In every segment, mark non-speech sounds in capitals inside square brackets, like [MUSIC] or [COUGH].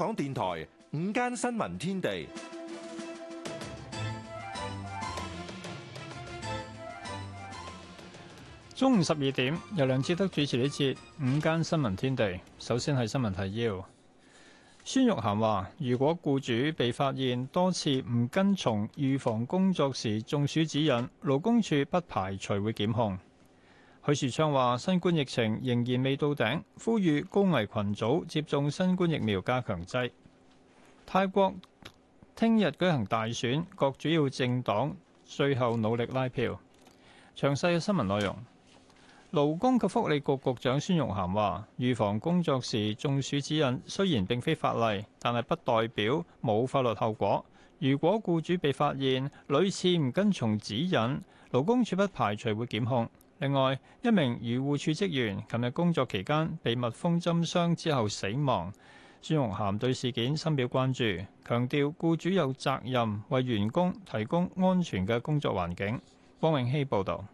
港電台午間新聞天地，中午十二點，由梁志德主持呢節午間新聞天地。首先係新聞提要，孫玉涵話，如果僱主被發現多次唔跟從預防工作時中暑指引，勞工處不排除會檢控。許樹昌話，新冠疫情仍然未到頂，呼籲高危群組接種新冠疫苗加強劑。泰國聽日舉行大選，各主要政黨最後努力拉票。詳細嘅新聞內容，勞工及福利局局長孫玉菡話，預防工作時中暑指引雖然並非法例，但係不代表冇法律後果。如果僱主被發現屢次唔跟從指引，勞工處不排除會檢控。另外，一名漁護署職員琴日工作期間被蜜蜂針傷之後死亡。孫紅涵對事件深表關注，強調僱主有責任為員工提供安全嘅工作環境。方永熙報道。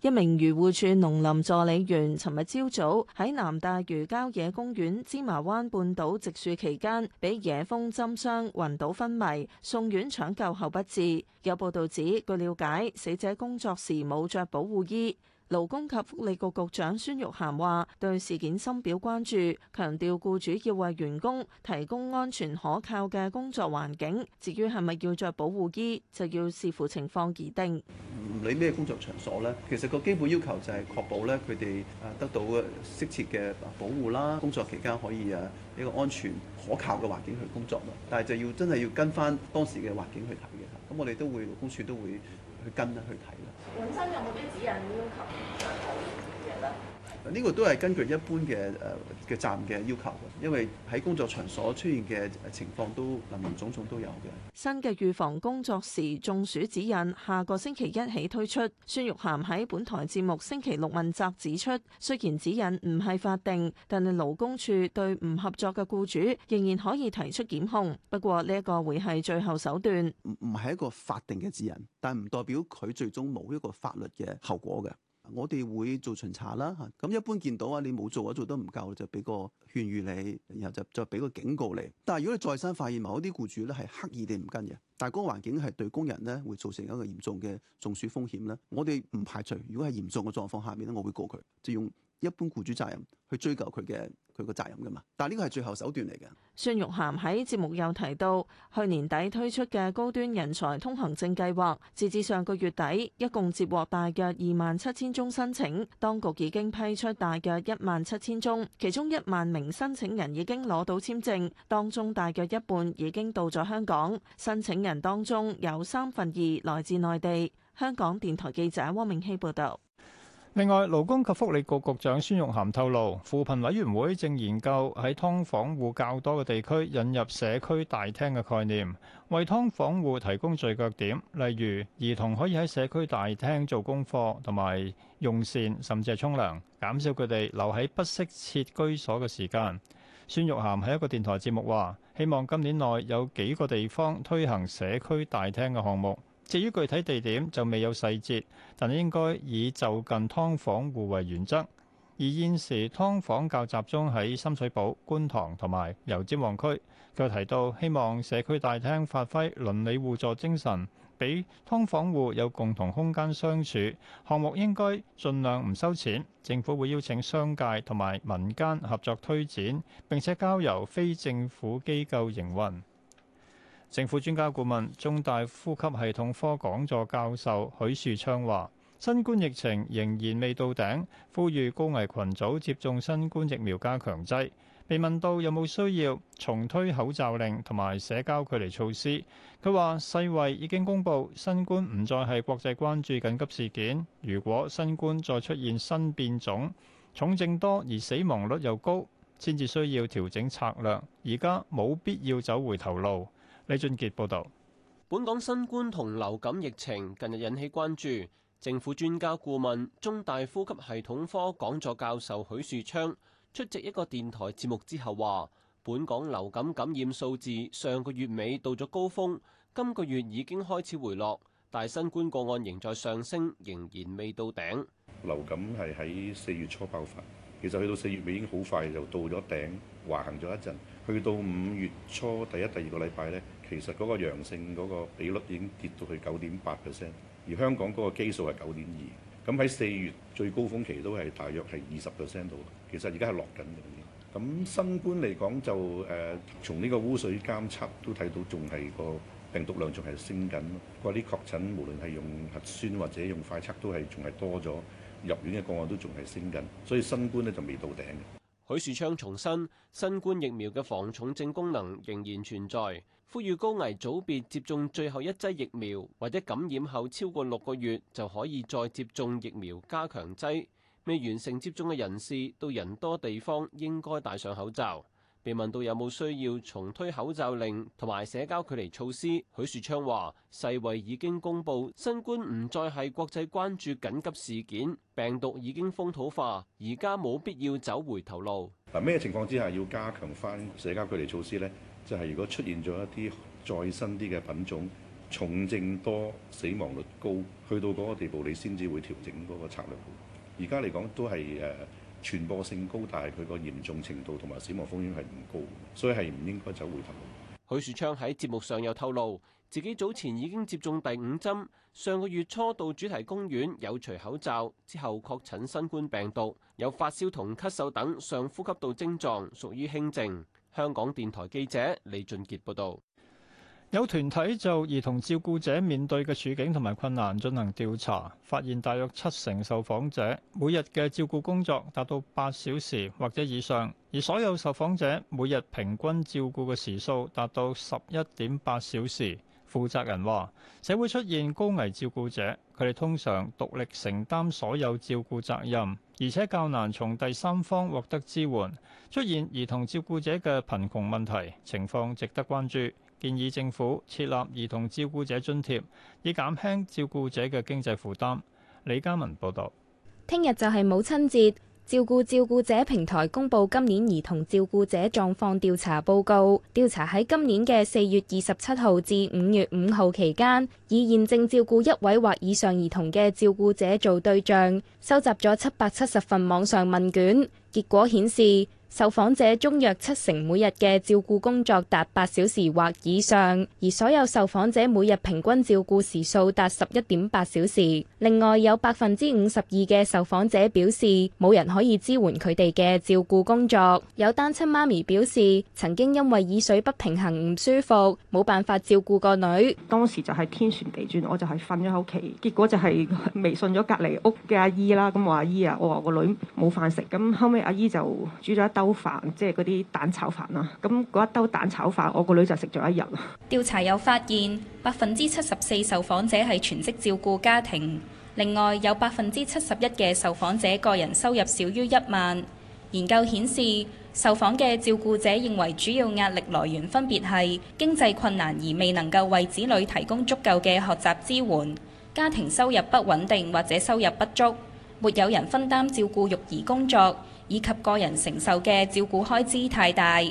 一名漁護署農林助理員尋日朝早喺南大漁郊野公園芝麻灣半島植樹期間俾野蜂針傷暈倒昏迷，送院搶救後不治。有報道指，據了解，死者工作時冇着保護衣。勞工及福利局局長孫玉菡話，對事件深表關注，強調雇主要為員工提供安全可靠嘅工作環境。至於係咪要着保護衣，就要視乎情況而定。唔理咩工作場所咧，其實個基本要求就係確保咧，佢哋啊得到適切嘅保護啦，工作期間可以啊一個安全可靠嘅環境去工作咯。但係就要真係要跟翻當時嘅環境去睇嘅，咁我哋都會勞工處都會。去跟啦，去睇啦。本身有冇啲指引要求？ [NOISE] [NOISE] 呢個都係根據一般嘅誒嘅站嘅要求嘅，因為喺工作場所出現嘅情況都林林總總都有嘅。新嘅預防工作時中暑指引下個星期一起推出。孫玉涵喺本台節目星期六問責指出，雖然指引唔係法定，但係勞工處對唔合作嘅雇主仍然可以提出檢控。不過呢一個會係最後手段。唔，唔係一個法定嘅指引，但唔代表佢最終冇一個法律嘅後果嘅。我哋會做巡查啦，咁一般見到啊，你冇做啊，做得唔夠就俾個勸喻你，然後就再俾個警告你。但係如果你再三發現某啲僱主咧係刻意地唔跟嘅，但係嗰個環境係對工人咧會造成一個嚴重嘅中暑風險咧，我哋唔排除，如果係嚴重嘅狀況下面咧，我會告佢，就用一般僱主責任去追究佢嘅。佢個責任噶嘛？但係呢個係最後手段嚟嘅。孫玉菡喺節目又提到，去年底推出嘅高端人才通行證計劃，截至上個月底，一共接獲大約二萬七千宗申請，當局已經批出大約一萬七千宗，其中一萬名申請人已經攞到簽證，當中大約一半已經到咗香港。申請人當中有三分二來自內地。香港電台記者汪明希報導。另外，勞工及福利局局長孫玉涵透露，扶貧委員會正研究喺劏房戶較多嘅地區引入社區大廳嘅概念，為劏房戶提供聚腳點，例如兒童可以喺社區大廳做功課同埋用膳，甚至係沖涼，減少佢哋留喺不適切居所嘅時間。孫玉涵喺一個電台節目話希望今年內有幾個地方推行社區大廳嘅項目。至於具體地點就未有細節，但係應該以就近劏房戶為原則。而現時劏房較集中喺深水埗、觀塘同埋油尖旺區。佢提到希望社區大廳發揮鄰里互助精神，俾劏房戶有共同空間相處。項目應該盡量唔收錢，政府會邀請商界同埋民間合作推展，並且交由非政府機構營運。政府專家顧問、中大呼吸系統科講座教授許樹昌話，新冠疫情仍然未到頂，呼籲高危群組接種新冠疫苗加強劑。被問到有冇需要重推口罩令同埋社交距離措施，佢話：世衞已經公布新冠唔再係國際關注緊急事件。如果新冠再出現新變種，重症多而死亡率又高，先至需要調整策略。而家冇必要走回頭路。李俊傑報道，本港新冠同流感疫情近日引起關注。政府專家顧問、中大呼吸系統科講座教授許樹昌出席一個電台節目之後話，本港流感感染數字上個月尾到咗高峰，今個月已經開始回落，但新冠個案仍在上升，仍然未到頂。流感係喺四月初爆發，其實去到四月尾已經好快就到咗頂，橫行咗一陣，去到五月初第一、第二個禮拜咧。其實嗰個陽性嗰個比率已經跌到去九點八 percent，而香港嗰個基數係九點二。咁喺四月最高峰期都係大約係二十 percent 度。其實而家係落緊嘅。咁新冠嚟講就誒，從呢個污水監測都睇到仲係個病毒量仲係升緊咯。嗰啲確診無論係用核酸或者用快測，都係仲係多咗，入院嘅個案都仲係升緊，所以新冠咧就未到頂。許樹昌重申，新冠疫苗嘅防重症功能仍然存在。呼籲高危組別接種最後一劑疫苗，或者感染後超過六個月就可以再接種疫苗加強劑。未完成接種嘅人士到人多地方應該戴上口罩。被問到有冇需要重推口罩令同埋社交距離措施，許樹昌話：世衛已經公布新冠唔再係國際關注緊急事件，病毒已經風土化，而家冇必要走回頭路。咩情況之下要加強翻社交距離措施呢？就係如果出現咗一啲再新啲嘅品種，重症多、死亡率高，去到嗰個地步，你先至會調整嗰個策略。而家嚟講都係誒傳播性高，但係佢個嚴重程度同埋死亡風險係唔高，所以係唔應該走回頭路。許樹昌喺節目上又透露，自己早前已經接種第五針，上個月初到主題公園有除口罩，之後確診新冠病毒，有發燒同咳嗽等上呼吸道徵狀，屬於輕症。香港電台記者李俊杰報道，有團體就兒童照顧者面對嘅處境同埋困難進行調查，發現大約七成受訪者每日嘅照顧工作達到八小時或者以上，而所有受訪者每日平均照顧嘅時數達到十一點八小時。負責人話：社會出現高危照顧者，佢哋通常獨力承擔所有照顧責任，而且較難從第三方獲得支援。出現兒童照顧者嘅貧窮問題，情況值得關注。建議政府設立兒童照顧者津貼，以減輕照顧者嘅經濟負擔。李嘉文報導。聽日就係母親節。照顧照顧者平台公布今年兒童照顧者狀況調查報告。調查喺今年嘅四月二十七號至五月五號期間，以現正照顧一位或以上兒童嘅照顧者做對象，收集咗七百七十份網上問卷。結果顯示。受訪者中約七成每日嘅照顧工作達八小時或以上，而所有受訪者每日平均照顧時數達十一點八小時。另外有百分之五十二嘅受訪者表示冇人可以支援佢哋嘅照顧工作。有單親媽咪表示曾經因為耳水不平衡唔舒服，冇辦法照顧個女。當時就係天旋地轉，我就係瞓咗喺屋企，結果就係微信咗隔離屋嘅阿姨啦。咁我阿姨啊，我話個女冇飯食，咁後尾阿姨就煮咗一兜飯即係嗰啲蛋炒飯啦，咁嗰一兜蛋炒飯，我個女就食咗一日啦。調查又發現，百分之七十四受訪者係全職照顧家庭，另外有百分之七十一嘅受訪者個人收入少於一萬。研究顯示，受訪嘅照顧者認為主要壓力來源分別係經濟困難而未能夠為子女提供足夠嘅學習支援，家庭收入不穩定或者收入不足，沒有人分擔照顧育兒工作。以及個人承受嘅照顧開支太大。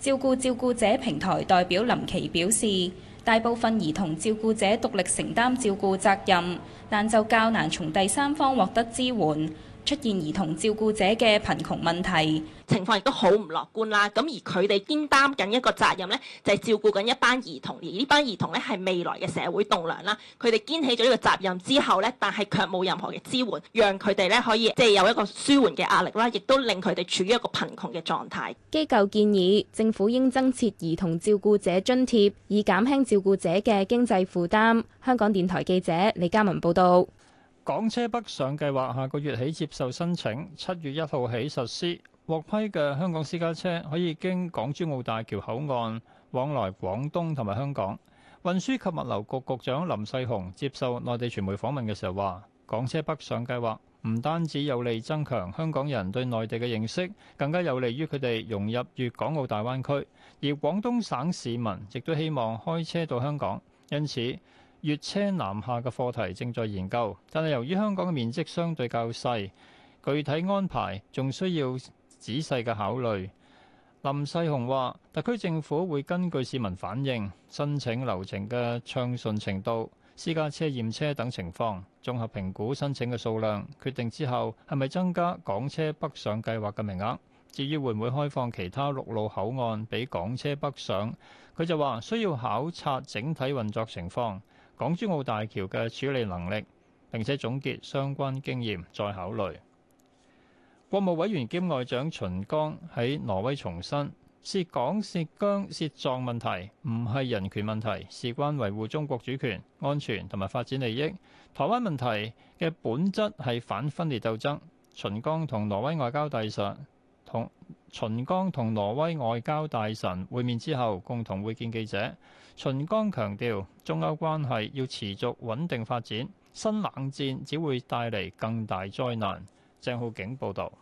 照顧照顧者平台代表林奇表示，大部分兒童照顧者獨立承擔照顧責任，但就較難從第三方獲得支援。出現兒童照顧者嘅貧窮問題，情況亦都好唔樂觀啦。咁而佢哋肩擔緊一個責任呢，就係照顧緊一班兒童。而呢班兒童呢，係未來嘅社會棟梁啦。佢哋肩起咗呢個責任之後呢，但係卻冇任何嘅支援，讓佢哋呢可以即係有一個舒緩嘅壓力啦，亦都令佢哋處於一個貧窮嘅狀態。機構建議政府應增設兒童照顧者津貼，以減輕照顧者嘅經濟負擔。香港電台記者李嘉文報道。港車北上計劃下個月起接受申請，七月一號起實施。獲批嘅香港私家車可以經港珠澳大橋口岸往來廣東同埋香港。運輸及物流局局長林世雄接受內地傳媒訪問嘅時候話：港車北上計劃唔單止有利增強香港人對內地嘅認識，更加有利於佢哋融入粵港澳大灣區，而廣東省市民亦都希望開車到香港，因此。粵車南下嘅課題正在研究，但係由於香港嘅面積相對較細，具體安排仲需要仔細嘅考慮。林世雄話，特區政府會根據市民反應、申請流程嘅暢順程度、私家車驗車等情況，綜合評估申請嘅數量，決定之後係咪增加港車北上計劃嘅名額。至於會唔會開放其他陸路口岸俾港車北上，佢就話需要考察整體運作情況。港珠澳大橋嘅處理能力，並且總結相關經驗，再考慮。國務委員兼外長秦剛喺挪威重申：涉港、涉疆、涉藏問題唔係人權問題，事關維護中國主權、安全同埋發展利益。台灣問題嘅本質係反分裂鬥爭。秦剛同挪威外交大臣。秦剛同挪威外交大臣會面之後，共同會見記者。秦剛強調，中歐關係要持續穩定發展，新冷戰只會帶嚟更大災難。鄭浩景報導。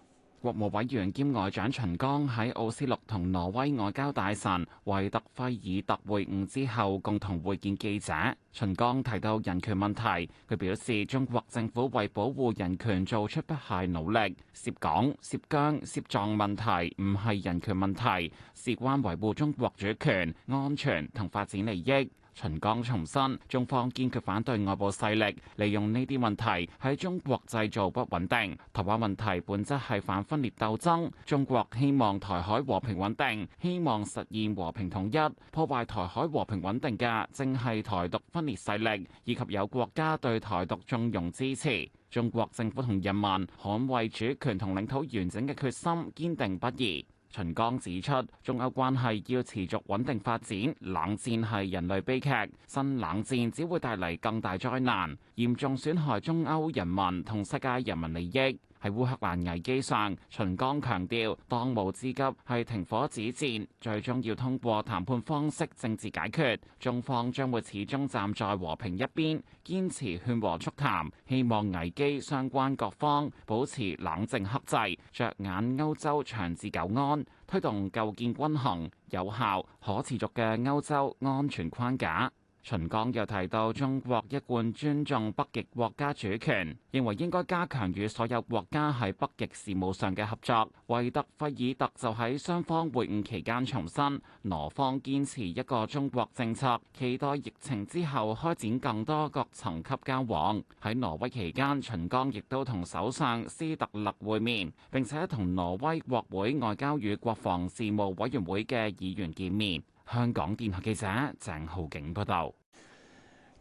國務委員兼外長秦剛喺奧斯陸同挪威外交大臣惠特菲爾特會晤之後，共同會見記者。秦剛提到人權問題，佢表示中國政府為保護人權做出不懈努力。涉港、涉疆、涉藏問題唔係人權問題，事關維護中國主權、安全同發展利益。秦剛重申，中方堅決反對外部勢力利用呢啲問題喺中國製造不穩定。台灣問題本質係反分裂鬥爭，中國希望台海和平穩定，希望實現和平統一。破壞台海和平穩定嘅，正係台獨分裂勢力，以及有國家對台獨縱容支持。中國政府同人民捍衛主權同領土完整嘅決心堅定不移。秦剛指出，中歐關係要持續穩定發展，冷戰係人類悲劇，新冷戰只會帶嚟更大災難，嚴重損害中歐人民同世界人民利益。喺烏克蘭危機上，秦剛強調，當務之急係停火止戰，最終要通過談判方式政治解決。中方將會始終站在和平一邊，堅持勸和促談，希望危機相關各方保持冷靜克制，着眼歐洲長治久安，推動構建均衡、有效、可持續嘅歐洲安全框架。秦剛又提到，中國一貫尊重北極國家主權，認為應該加強與所有國家喺北極事務上嘅合作。維德費爾特就喺雙方會晤期間重申，挪方堅持一個中國政策，期待疫情之後開展更多各層級交往。喺挪威期間，秦剛亦都同首相斯特勒會面，並且同挪威國會外交與國防事務委員會嘅議員見面。香港電台記者鄭浩景報道，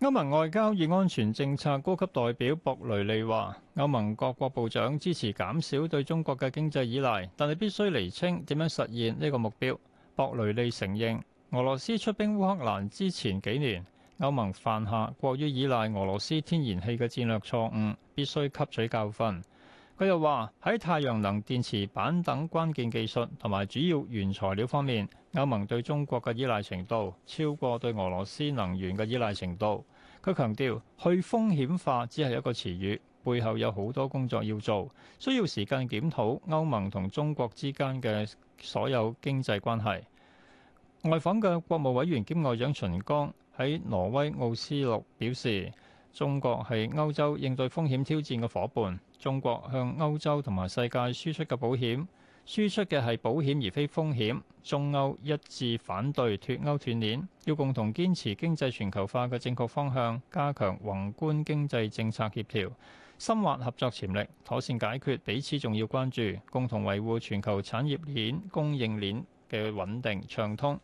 歐盟外交與安全政策高級代表博雷利話，歐盟各國部長支持減少對中國嘅經濟依賴，但係必須釐清點樣實現呢個目標。博雷利承認，俄羅斯出兵烏克蘭之前幾年，歐盟犯下過於依賴俄羅斯天然氣嘅戰略錯誤，必須吸取教訓。佢又話：喺太陽能電池板等關鍵技術同埋主要原材料方面，歐盟對中國嘅依賴程度超過對俄羅斯能源嘅依賴程度。佢強調，去風險化只係一個詞語，背後有好多工作要做，需要時間檢討歐盟同中國之間嘅所有經濟關係。外訪嘅國務委員兼外長秦剛喺挪威奧斯陸表示。中國係歐洲應對風險挑戰嘅伙伴。中國向歐洲同埋世界輸出嘅保險，輸出嘅係保險而非風險。中歐一致反對脫歐斷鏈，要共同堅持經濟全球化嘅正確方向，加強宏觀經濟政策協調，深挖合作潛力，妥善解決彼此重要關注，共同維護全球產業鏈供應鏈嘅穩定暢通。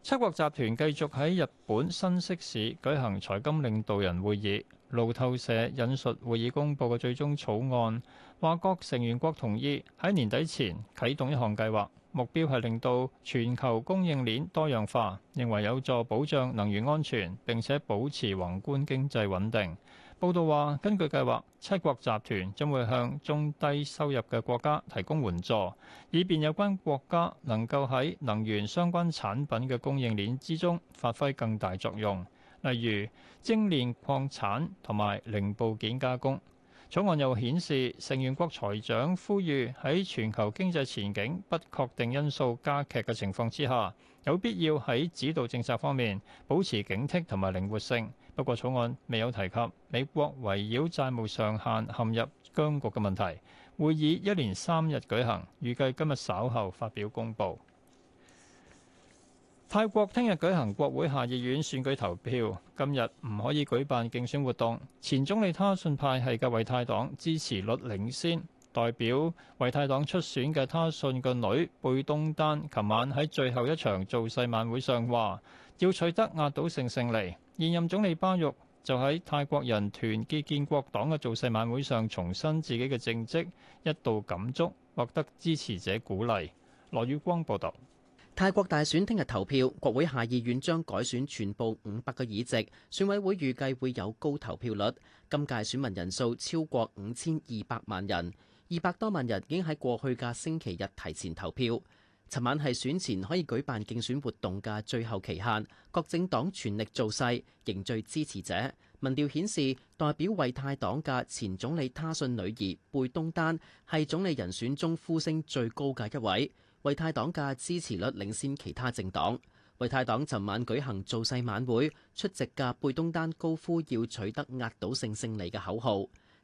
七國集團繼續喺日本新潟市舉行財金領導人會議。路透社引述會議公佈嘅最終草案，話各成員國同意喺年底前啟動一項計劃，目標係令到全球供應鏈多樣化，認為有助保障能源安全，並且保持宏觀經濟穩定。報道話，根據計劃，七國集團將會向中低收入嘅國家提供援助，以便有關國家能夠喺能源相關產品嘅供應鏈之中發揮更大作用，例如精煉礦產同埋零部件加工。草案又顯示，成員國財長呼籲喺全球經濟前景不確定因素加劇嘅情況之下，有必要喺指導政策方面保持警惕同埋靈活性。不過草案未有提及美國圍繞債務上限陷入僵局嘅問題。會議一連三日舉行，預計今日稍後發表公佈。泰國聽日舉行國會下議院選舉投票，今日唔可以舉辦競選活動。前總理他信派系嘅維泰黨支持率領先，代表維泰黨出選嘅他信個女貝東丹，琴晚喺最後一場造勢晚會上話，要取得壓倒性勝利，現任總理巴育就喺泰國人團結建國黨嘅造勢晚會上重申自己嘅政績，一度感觸，獲得支持者鼓勵。羅宇光報道。泰國大選聽日投票，國會下議院將改選全部五百個議席，選委會預計會有高投票率。今屆選民人數超過五千二百萬人，二百多萬人已經喺過去嘅星期日提前投票。尋晚係選前可以舉辦競選活動嘅最後期限，各政黨全力造勢，凝聚支持者。民調顯示，代表為泰黨嘅前總理他信女兒貝東丹係總理人選中呼聲最高嘅一位。為泰黨嘅支持率領先其他政黨。為泰黨尋晚舉行造勢晚會，出席嘅貝東丹高呼要取得壓倒性勝，勝利嘅口號。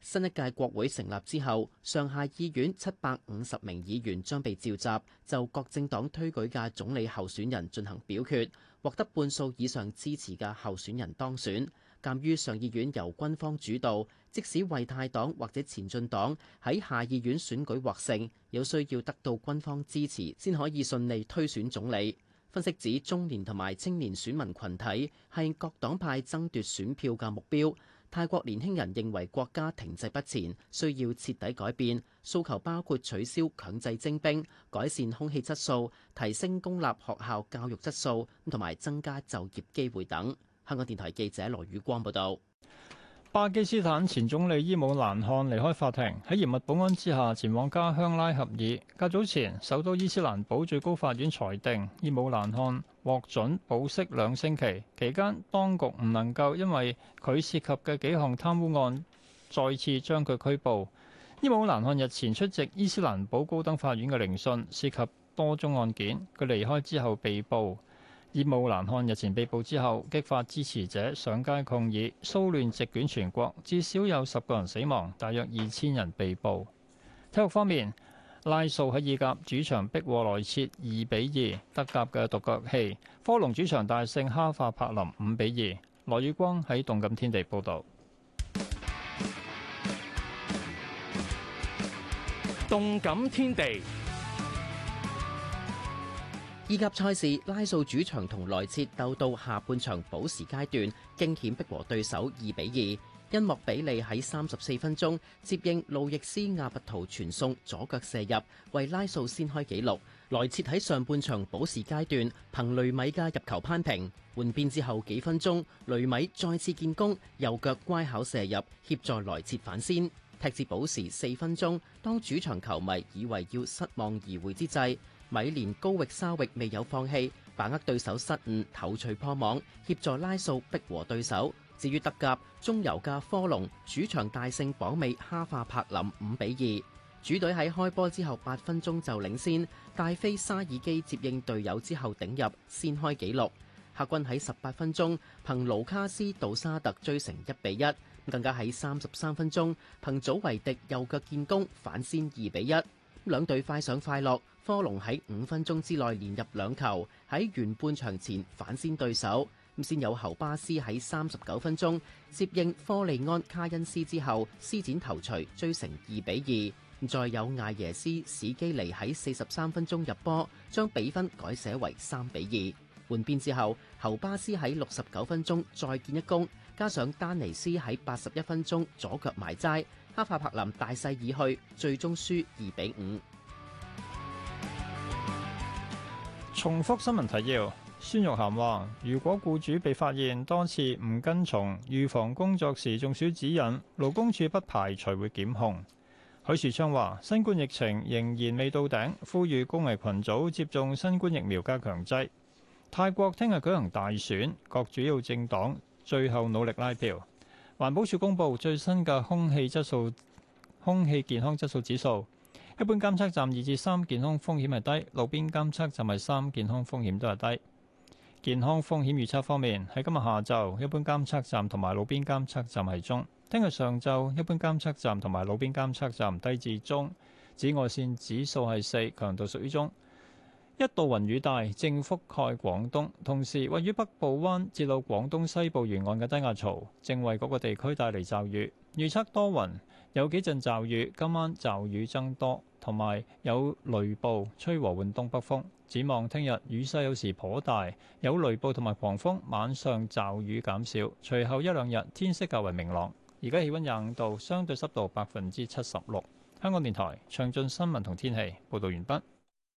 新一屆國會成立之後，上下議院七百五十名議員將被召集，就各政黨推舉嘅總理候選人進行表決，獲得半數以上支持嘅候選人當選。鑒於上議院由軍方主導，即使為泰黨或者前進黨喺下議院選舉獲勝，有需要得到軍方支持先可以順利推選總理。分析指中年同埋青年選民群體係各黨派爭奪選票嘅目標。泰國年輕人認為國家停滯不前，需要徹底改變，訴求包括取消強制徵兵、改善空氣質素、提升公立學校教育質素，同埋增加就業機會等。香港電台記者羅宇光報道。巴基斯坦前總理伊姆蘭汗離開法庭，喺嚴密保安之下前往家鄉拉合爾。較早前，首都伊斯蘭堡最高法院裁定伊姆蘭汗獲准保釋兩星期，期間當局唔能夠因為佢涉及嘅幾項貪污案再次將佢拘捕。伊姆蘭汗日前出席伊斯蘭堡高等法院嘅聆訊，涉及多宗案件。佢離開之後被捕。業務難看，日前被捕之後，激發支持者上街抗議，騷亂席捲全國，至少有十個人死亡，大約二千人被捕。體育方面，拉素喺意甲主場逼和萊切二比二，德甲嘅獨角戲，科隆主場大勝哈化柏林五比二。羅宇光喺動感天地報道。動感天地。報意甲賽事，拉素主場同萊切鬥到下半場補時階段，驚險逼和對手二比二。恩莫比利喺三十四分鐘接應路易斯亞拔圖傳送左腳射入，為拉素先開紀錄。萊切喺上半場補時階段憑雷米嘅入球攀平。換邊之後幾分鐘，雷米再次建功，右腳乖巧射入，協助萊切反先。踢至補時四分鐘，當主場球迷以為要失望而回之際，米連高域沙域未有放棄，把握對手失誤，頭槌破網，協助拉數逼和對手。至於德甲，中游加科隆主場大勝榜尾哈化柏林五比二。主隊喺開波之後八分鐘就領先，戴菲沙爾基接應隊友之後頂入先開紀錄。客軍喺十八分鐘憑盧卡斯杜沙特追成一比一，更加喺三十三分鐘憑祖維迪右腳建功反先二比一。咁兩隊快上快落。科隆喺五分鐘之內連入兩球，喺完半場前反先對手。先有侯巴斯喺三十九分鐘接應科利安卡恩斯之後施展頭槌追成二比二。再有艾耶斯史基尼喺四十三分鐘入波，將比分改寫為三比二。換邊之後，侯巴斯喺六十九分鐘再建一功，加上丹尼斯喺八十一分鐘左腳埋齋，哈帕柏林大勢已去，最終輸二比五。重複新聞提要。孫玉菡話：如果僱主被發現多次唔跟從預防工作時中暑指引，勞工處不排除會檢控。許樹昌話：新冠疫情仍然未到頂，呼籲高危群組接種新冠疫苗加強劑。泰國聽日舉行大選，各主要政黨最後努力拉票。環保署公布最新嘅空氣質素、空氣健康質素指數。一般監測站二至三，健康風險係低，路邊監測站係三，健康風險都係低。健康風險預測方面，喺今日下晝，一般監測站同埋路邊監測站係中。聽日上晝，一般監測站同埋路邊監測站低至中。紫外線指數係四，強度屬於中。一度雲雨帶，正覆蓋廣東，同時位於北部灣至到廣東西部沿岸嘅低壓槽正為嗰個地區帶嚟驟雨。預測多雲。有幾陣驟雨，今晚驟雨增多，同埋有雷暴，吹和緩東北風。展望聽日雨勢有時頗大，有雷暴同埋狂風，晚上驟雨減少。隨後一兩日天色較為明朗。而家氣温廿五度，相對濕度百分之七十六。香港電台詳盡新聞同天氣報導完畢。